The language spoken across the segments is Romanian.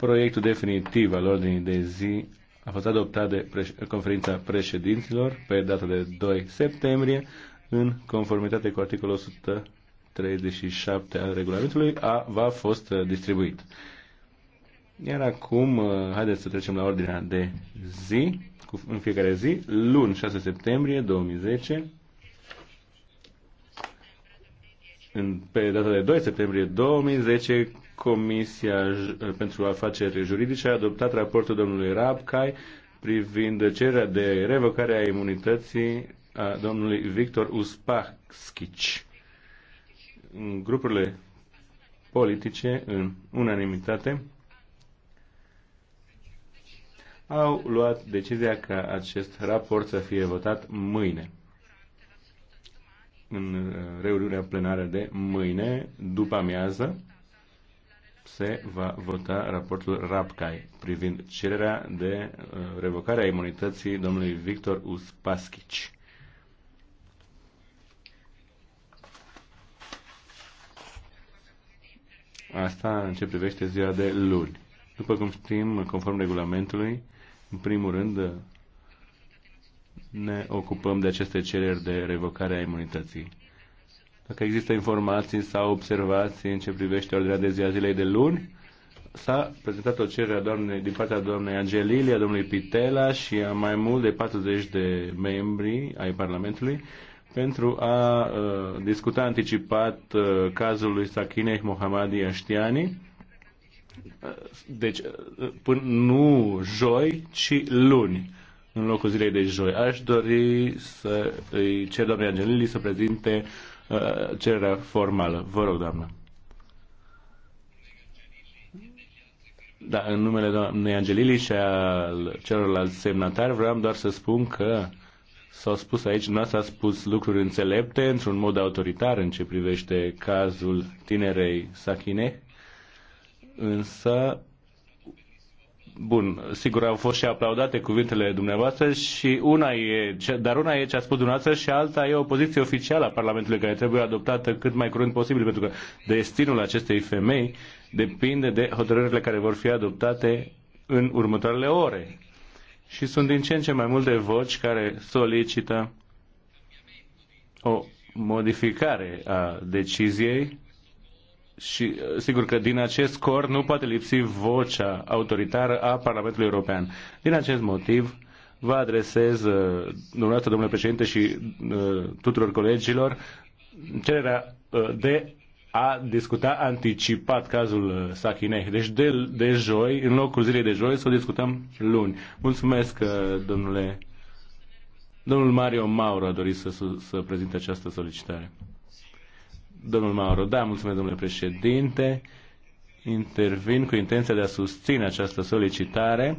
Proiectul definitiv al ordinii de zi a fost adoptat de conferința președinților pe data de 2 septembrie în conformitate cu articolul 137 al regulamentului a va fost uh, distribuit. Iar acum, uh, haideți să trecem la ordinea de zi, cu, în fiecare zi, luni 6 septembrie 2010, În, pe data de 2 septembrie 2010, Comisia pentru Afaceri Juridice a adoptat raportul domnului Rabcai privind cererea de revocare a imunității a domnului Victor Uspachschic. Grupurile politice, în unanimitate, au luat decizia ca acest raport să fie votat mâine în uh, reuniunea plenară de mâine, după amiază, se va vota raportul RAPCAI privind cererea de uh, revocare a imunității domnului Victor Uspaschici. Asta în ce privește ziua de luni. După cum știm, conform regulamentului, în primul rând, ne ocupăm de aceste cereri de revocare a imunității. Dacă există informații sau observații în ce privește ordinea de zi a zilei de luni, s-a prezentat o cerere a doamnei, din partea doamnei Angelilia, domnului Pitela și a mai mult de 40 de membri ai Parlamentului pentru a uh, discuta anticipat uh, cazul lui Sakineh Mohammadi Ashtiani. Uh, deci, uh, până nu joi, ci luni în locul zilei de joi. Aș dori să îi cer doamnei Angelili să prezinte uh, cererea formală. Vă rog, doamnă. Da, în numele doamnei Angelili și al celorlalți semnatari vreau doar să spun că s-au spus aici, nu s-a spus lucruri înțelepte într-un mod autoritar în ce privește cazul tinerei Sakine, însă Bun, sigur au fost și aplaudate cuvintele dumneavoastră și una e, dar una e ce a spus dumneavoastră și alta e o poziție oficială a Parlamentului care trebuie adoptată cât mai curând posibil pentru că destinul acestei femei depinde de hotărârile care vor fi adoptate în următoarele ore. Și sunt din ce în ce mai multe voci care solicită o modificare a deciziei și uh, sigur că din acest cor nu poate lipsi vocea autoritară a Parlamentului European. Din acest motiv vă adresez, uh, dumneavoastră, domnule președinte și uh, tuturor colegilor, cererea de a discuta anticipat cazul Sakineh. Deci de, de joi, în locul zilei de joi, să o discutăm luni. Mulțumesc, domnule. Domnul Mario Mauro a dorit să, să, să prezinte această solicitare. Domnul Mauro, da, mulțumesc, domnule președinte. Intervin cu intenția de a susține această solicitare,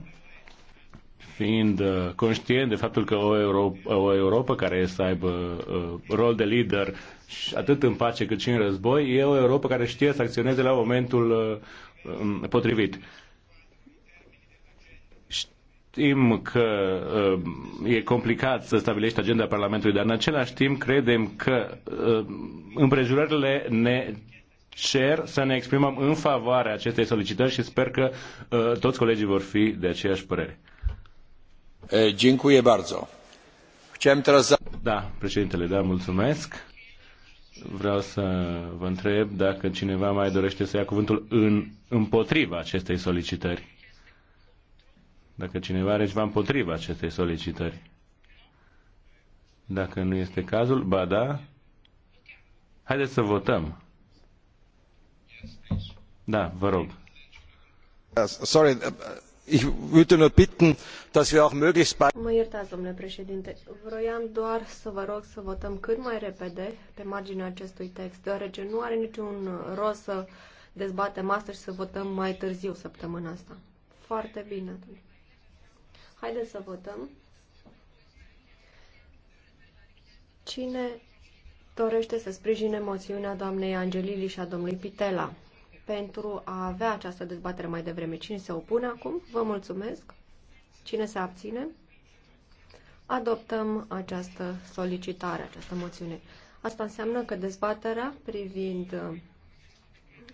fiind uh, conștient de faptul că o Europa, o Europa care să aibă uh, rol de lider atât în pace cât și în război, e o Europa care știe să acționeze la momentul uh, um, potrivit. Știm că uh, e complicat să stabilești agenda Parlamentului, dar în același timp credem că uh, împrejurările ne cer să ne exprimăm în favoarea acestei solicitări și sper că uh, toți colegii vor fi de aceeași părere. Dziękuję bardzo. Chciałem teraz... Da, președintele, da, mulțumesc. Vreau să vă întreb dacă cineva mai dorește să ia cuvântul în, împotriva acestei solicitări dacă cineva are ceva împotriva acestei solicitări. Dacă nu este cazul, ba da, haideți să votăm. Da, vă rog. Sorry, ich würde nur bitten, dass wir auch möglichst bald... Mă iertați, domnule președinte. Vroiam doar să vă rog să votăm cât mai repede pe marginea acestui text, deoarece nu are niciun rost să dezbatem asta și să votăm mai târziu săptămâna asta. Foarte bine atunci. Haideți să votăm. Cine dorește să sprijine moțiunea doamnei Angelili și a domnului Pitela pentru a avea această dezbatere mai devreme? Cine se opune acum? Vă mulțumesc. Cine se abține? Adoptăm această solicitare, această moțiune. Asta înseamnă că dezbaterea privind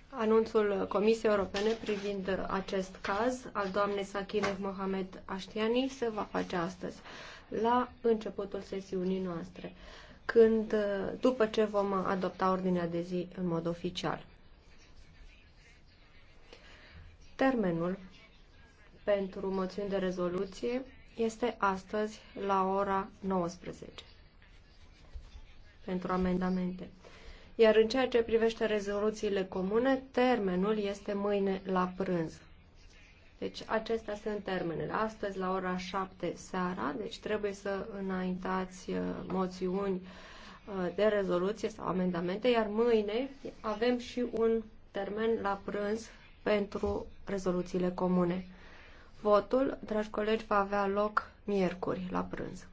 anunțul Comisiei Europene privind acest caz al doamnei Sakine Mohamed Ashtiani se va face astăzi, la începutul sesiunii noastre, când, după ce vom adopta ordinea de zi în mod oficial. Termenul pentru moțiuni de rezoluție este astăzi la ora 19 pentru amendamente. Iar în ceea ce privește rezoluțiile comune, termenul este mâine la prânz. Deci acestea sunt termenele. Astăzi la ora 7 seara, deci trebuie să înaintați uh, moțiuni uh, de rezoluție sau amendamente, iar mâine avem și un termen la prânz pentru rezoluțiile comune. Votul, dragi colegi, va avea loc miercuri la prânz.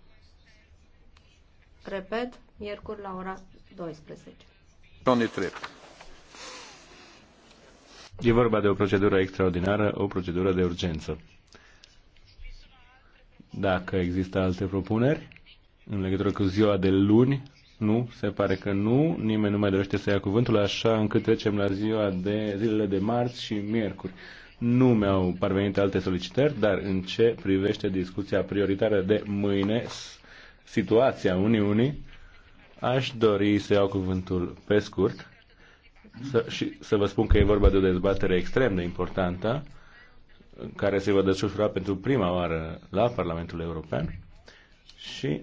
Repet, miercuri la ora 12. E vorba de o procedură extraordinară, o procedură de urgență. Dacă există alte propuneri în legătură cu ziua de luni, nu, se pare că nu, nimeni nu mai dorește să ia cuvântul, așa încât trecem la ziua de zilele de marți și miercuri. Nu mi-au parvenit alte solicitări, dar în ce privește discuția prioritară de mâine, situația Uniunii, Aș dori să iau cuvântul pe scurt să, și să vă spun că e vorba de o dezbatere extrem de importantă care se va desfășura pentru prima oară la Parlamentul European și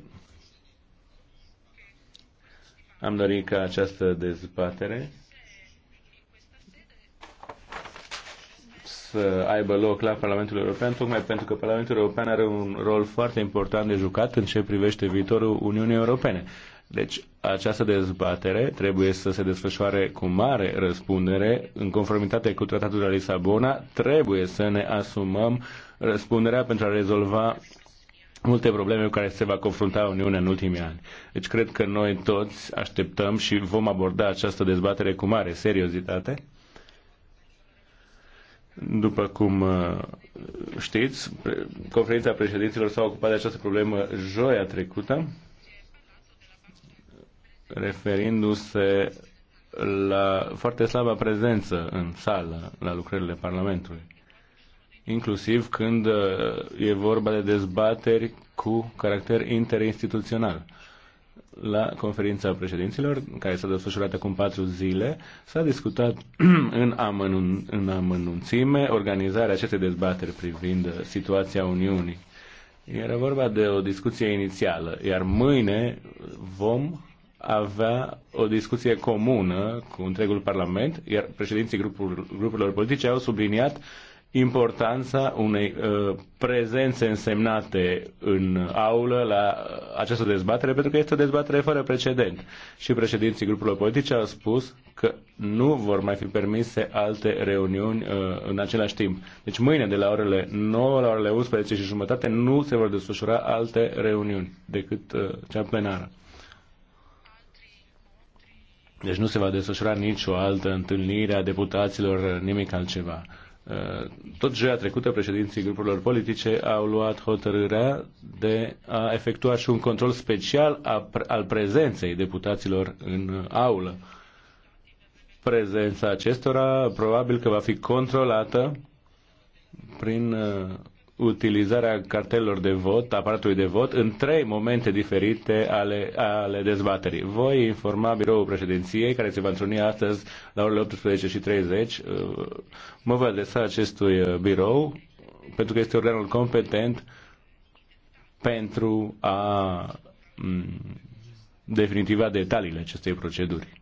am dorit ca această dezbatere să aibă loc la Parlamentul European, tocmai pentru că Parlamentul European are un rol foarte important de jucat în ce privește viitorul Uniunii Europene. Deci această dezbatere trebuie să se desfășoare cu mare răspundere, în conformitate cu Tratatul de la Lisabona, trebuie să ne asumăm răspunderea pentru a rezolva multe probleme cu care se va confrunta Uniunea în ultimii ani. Deci cred că noi toți așteptăm și vom aborda această dezbatere cu mare seriozitate. După cum uh, știți, conferința președinților s-a ocupat de această problemă joia trecută referindu-se la foarte slaba prezență în sală la lucrările Parlamentului, inclusiv când uh, e vorba de dezbateri cu caracter interinstituțional. La conferința președinților, care s-a desfășurat acum patru zile, s-a discutat în, amănun- în amănunțime organizarea acestei dezbateri privind uh, situația Uniunii. Era vorba de o discuție inițială, iar mâine vom avea o discuție comună cu întregul Parlament, iar președinții grupul, grupurilor politice au subliniat importanța unei uh, prezențe însemnate în aulă la această dezbatere, pentru că este o dezbatere fără precedent. Și președinții grupurilor politice au spus că nu vor mai fi permise alte reuniuni uh, în același timp. Deci mâine de la orele 9 la orele 11 și jumătate nu se vor desfășura alte reuniuni decât uh, cea plenară. Deci nu se va desfășura nicio altă întâlnire a deputaților, nimic altceva. Uh, tot joia trecută, președinții grupurilor politice au luat hotărârea de a efectua și un control special al prezenței deputaților în aulă. Prezența acestora probabil că va fi controlată prin uh, utilizarea cartelor de vot, aparatului de vot, în trei momente diferite ale, ale dezbaterii. Voi informa biroul președinției, care se va întruni astăzi la orele 18.30. Mă voi adresa acestui birou, pentru că este organul competent pentru a definitiva detaliile acestei proceduri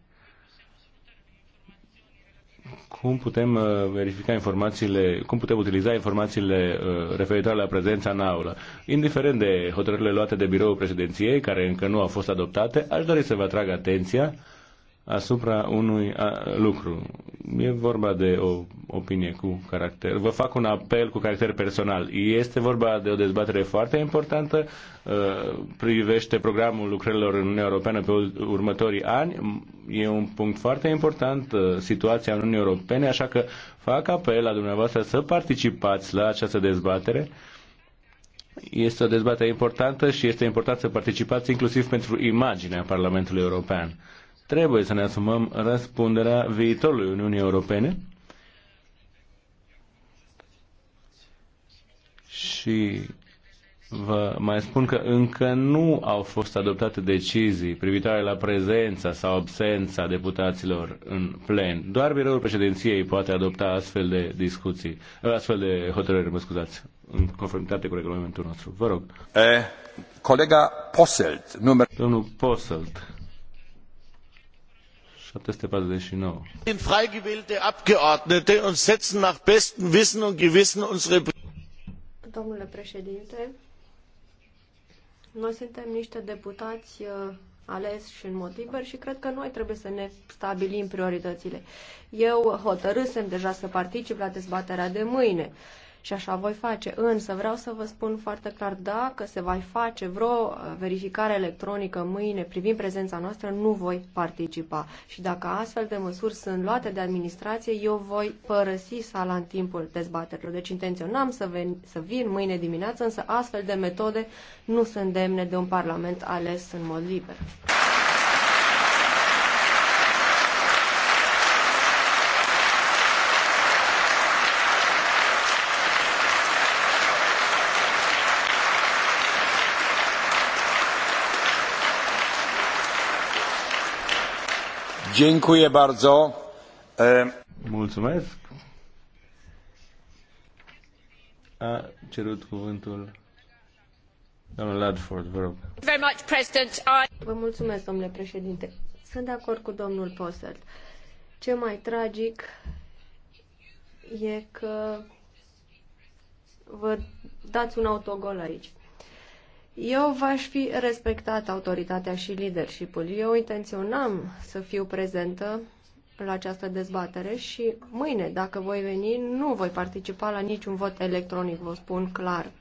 cum putem uh, verifica informațiile, cum putem utiliza informațiile uh, referitoare la prezența în aulă. Indiferent de hotărârile luate de biroul președinției, care încă nu au fost adoptate, aș dori să vă atrag atenția asupra unui lucru. E vorba de o opinie cu caracter. Vă fac un apel cu caracter personal. Este vorba de o dezbatere foarte importantă, uh, privește programul lucrărilor în Uniunea Europeană pe următorii ani. E un punct foarte important, uh, situația în Uniunea Europene, așa că fac apel la dumneavoastră să participați la această dezbatere. Este o dezbatere importantă și este important să participați inclusiv pentru imaginea Parlamentului European Trebuie să ne asumăm răspunderea viitorului Uniunii Europene și vă mai spun că încă nu au fost adoptate decizii privitoare la prezența sau absența deputaților în plen. Doar biroul președinției poate adopta astfel de discuții, astfel de hotărâri, mă scuzați, în conformitate cu regulamentul nostru. Vă rog. E, eh, colega Poselt, număr... Domnul Poselt 749. sind frei gewählte Abgeordnete und setzen nach bestem Wissen und Gewissen unsere. Domnule președinte, noi suntem niște deputați uh, aleși și în mod liber și cred că noi trebuie să ne stabilim prioritățile. Eu hotărâsem deja să particip la dezbaterea de mâine și așa voi face. Însă vreau să vă spun foarte clar, dacă se va face vreo verificare electronică mâine privind prezența noastră, nu voi participa. Și dacă astfel de măsuri sunt luate de administrație, eu voi părăsi sala în timpul dezbaterilor. Deci intenționam să, ven, să vin mâine dimineață, însă astfel de metode nu sunt demne de un parlament ales în mod liber. Dziękuję bardzo. Mulțumesc. A cerut cuvântul domnul Ladford, vă rog. Vă mulțumesc, domnule președinte. Sunt de acord cu domnul Posselt. Ce mai tragic e că vă dați un autogol aici. Eu v-aș fi respectat autoritatea și leadership-ul. Eu intenționam să fiu prezentă la această dezbatere și mâine, dacă voi veni, nu voi participa la niciun vot electronic, vă spun clar.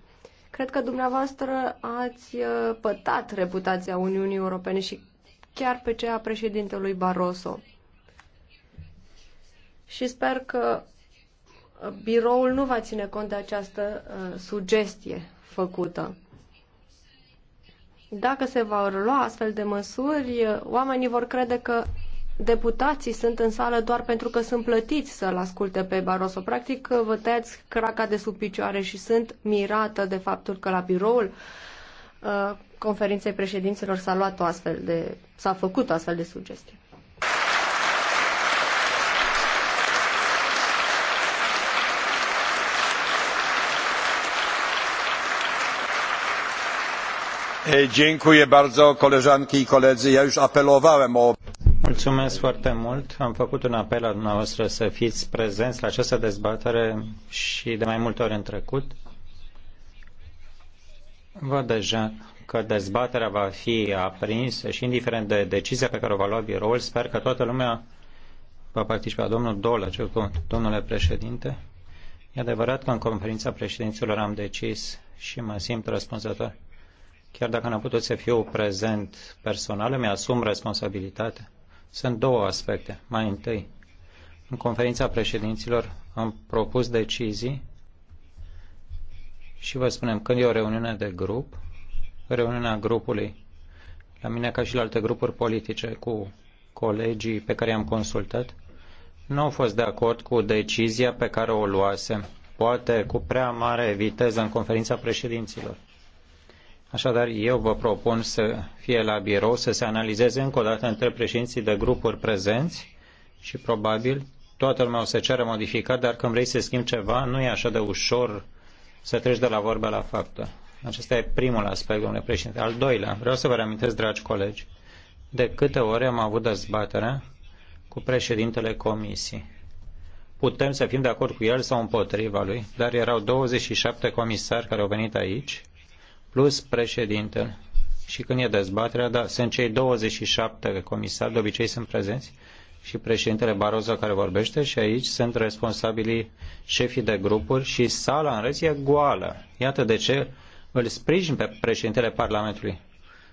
Cred că dumneavoastră ați uh, pătat reputația Uniunii Europene și chiar pe cea a președintelui Barroso. Și sper că uh, biroul nu va ține cont de această uh, sugestie făcută. Dacă se vor lua astfel de măsuri, oamenii vor crede că deputații sunt în sală doar pentru că sunt plătiți să-l asculte pe Barroso. Practic, vă tăiați craca de sub picioare și sunt mirată de faptul că la biroul uh, conferinței președinților s-a luat o astfel de, s-a făcut o astfel de sugestie. Ja już apelowałem o... Mulțumesc foarte mult. Am făcut un apel la dumneavoastră să fiți prezenți la această dezbatere și de mai multe ori în trecut. Văd deja că dezbaterea va fi aprinsă și indiferent de decizia pe care o va lua biroul, sper că toată lumea va participa. Domnul Dolă, cel domnule președinte, e adevărat că în conferința președinților am decis și mă simt răspunzător Chiar dacă n-am putut să fiu prezent personal, îmi asum responsabilitatea. Sunt două aspecte. Mai întâi, în conferința președinților am propus decizii și vă spunem când e o reuniune de grup, reuniunea grupului, la mine ca și la alte grupuri politice, cu colegii pe care i-am consultat, nu au fost de acord cu decizia pe care o luase, poate cu prea mare viteză în conferința președinților. Așadar, eu vă propun să fie la birou să se analizeze încă o dată între președinții de grupuri prezenți și probabil toată lumea o să ceară modificat, dar când vrei să schimbi ceva, nu e așa de ușor să treci de la vorbe la faptă. Acesta e primul aspect, domnule președinte. Al doilea, vreau să vă reamintesc, dragi colegi, de câte ori am avut dezbaterea cu președintele comisiei. Putem să fim de acord cu el sau împotriva lui, dar erau 27 comisari care au venit aici plus președintele. Și când e dezbaterea, da, sunt cei 27 comisari, de obicei sunt prezenți, și președintele Barroso care vorbește și aici sunt responsabilii șefii de grupuri și sala în rest e goală. Iată de ce îl sprijin pe președintele Parlamentului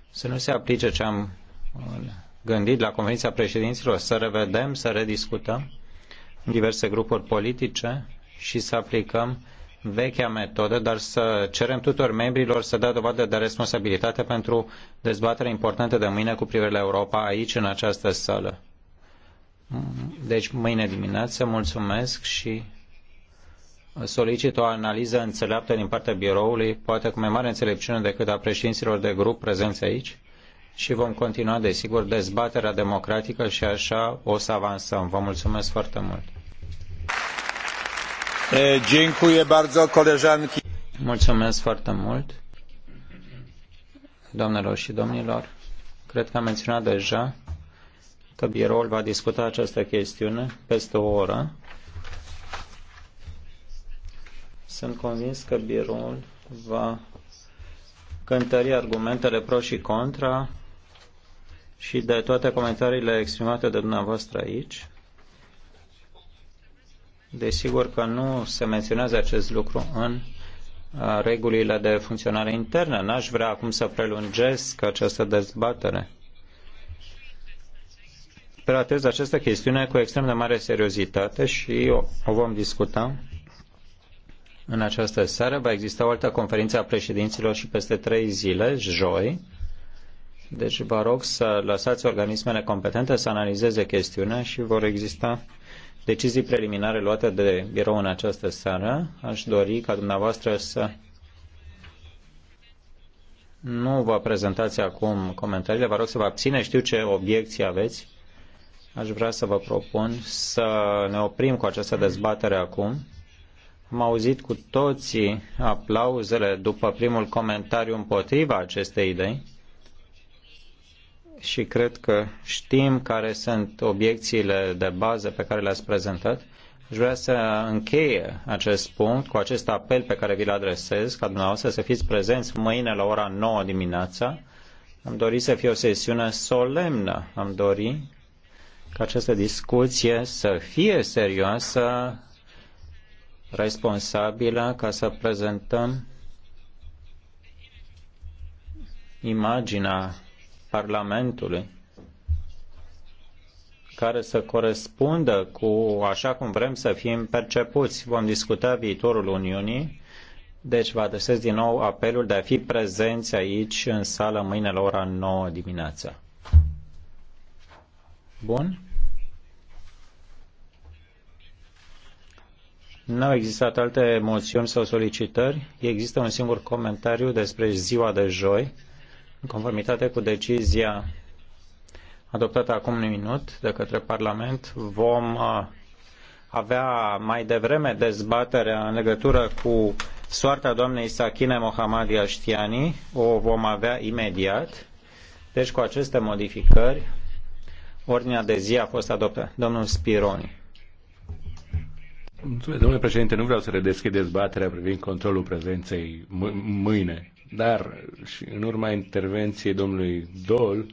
să nu se aplice ce am uh, gândit la conferința președinților, să revedem, să rediscutăm în diverse grupuri politice și să aplicăm vechea metodă, dar să cerem tuturor membrilor să dea dovadă de responsabilitate pentru dezbaterea importantă de mâine cu privire la Europa aici, în această sală. Deci, mâine dimineață, mulțumesc și solicit o analiză înțeleaptă din partea biroului, poate cu mai mare înțelepciune decât a președinților de grup prezenți aici și vom continua, desigur, dezbaterea democratică și așa o să avansăm. Vă mulțumesc foarte mult! Dziękuję bardzo, koleżanki. Mulțumesc foarte mult, doamnelor și domnilor. Cred că am menționat deja că biroul va discuta această chestiune peste o oră. Sunt convins că biroul va cântări argumentele pro și contra și de toate comentariile exprimate de dumneavoastră aici. Desigur că nu se menționează acest lucru în regulile de funcționare internă. N-aș vrea acum să prelungesc această dezbatere. Tratez această chestiune cu extrem de mare seriozitate și o vom discuta în această seară. Va exista o altă conferință a președinților și peste trei zile, joi. Deci vă rog să lăsați organismele competente să analizeze chestiunea și vor exista decizii preliminare luate de birou în această seară, aș dori ca dumneavoastră să nu vă prezentați acum comentariile, vă rog să vă abține, știu ce obiecții aveți. Aș vrea să vă propun să ne oprim cu această dezbatere acum. Am auzit cu toții aplauzele după primul comentariu împotriva acestei idei și cred că știm care sunt obiecțiile de bază pe care le-ați prezentat. Aș vrea să încheie acest punct cu acest apel pe care vi-l adresez, ca dumneavoastră să fiți prezenți mâine la ora 9 dimineața. Am dorit să fie o sesiune solemnă. Am dorit ca această discuție să fie serioasă, responsabilă, ca să prezentăm imaginea Parlamentului care să corespundă cu așa cum vrem să fim percepuți. Vom discuta viitorul Uniunii, deci vă adresez din nou apelul de a fi prezenți aici în sală mâine la ora 9 dimineața. Bun? Nu au existat alte moțiuni sau solicitări. Există un singur comentariu despre ziua de joi. În conformitate cu decizia adoptată acum un minut de către Parlament, vom uh, avea mai devreme dezbaterea în legătură cu soarta doamnei Sakine Mohamadi Ashtiani. O vom avea imediat. Deci cu aceste modificări, ordinea de zi a fost adoptată. Domnul Spironi. Mulțumesc, domnule președinte, nu vreau să redeschid dezbaterea privind controlul prezenței mâine dar și în urma intervenției domnului Dol,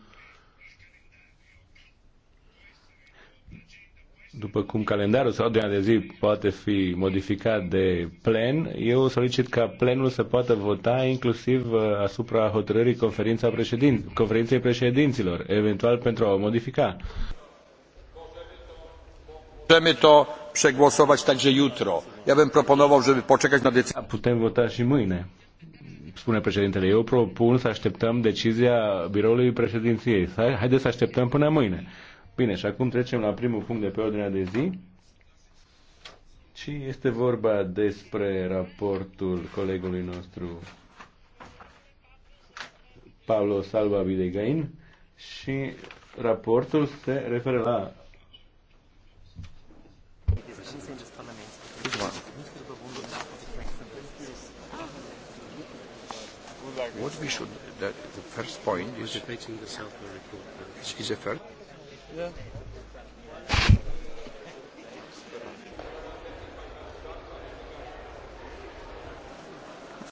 după cum calendarul sau de zi poate fi modificat de plen, eu solicit ca plenul să poată vota inclusiv uh, asupra hotărârii conferința președin... conferinței președinților, eventual pentru a o modifica. Putem vota și mâine spune președintele, eu propun să așteptăm decizia biroului președinției. Haideți să așteptăm până mâine. Bine, și acum trecem la primul punct de pe ordinea de zi. Și este vorba despre raportul colegului nostru Pablo Salva Videgain și raportul se referă la what we should, the, the first point is... Is, is the first? Yeah.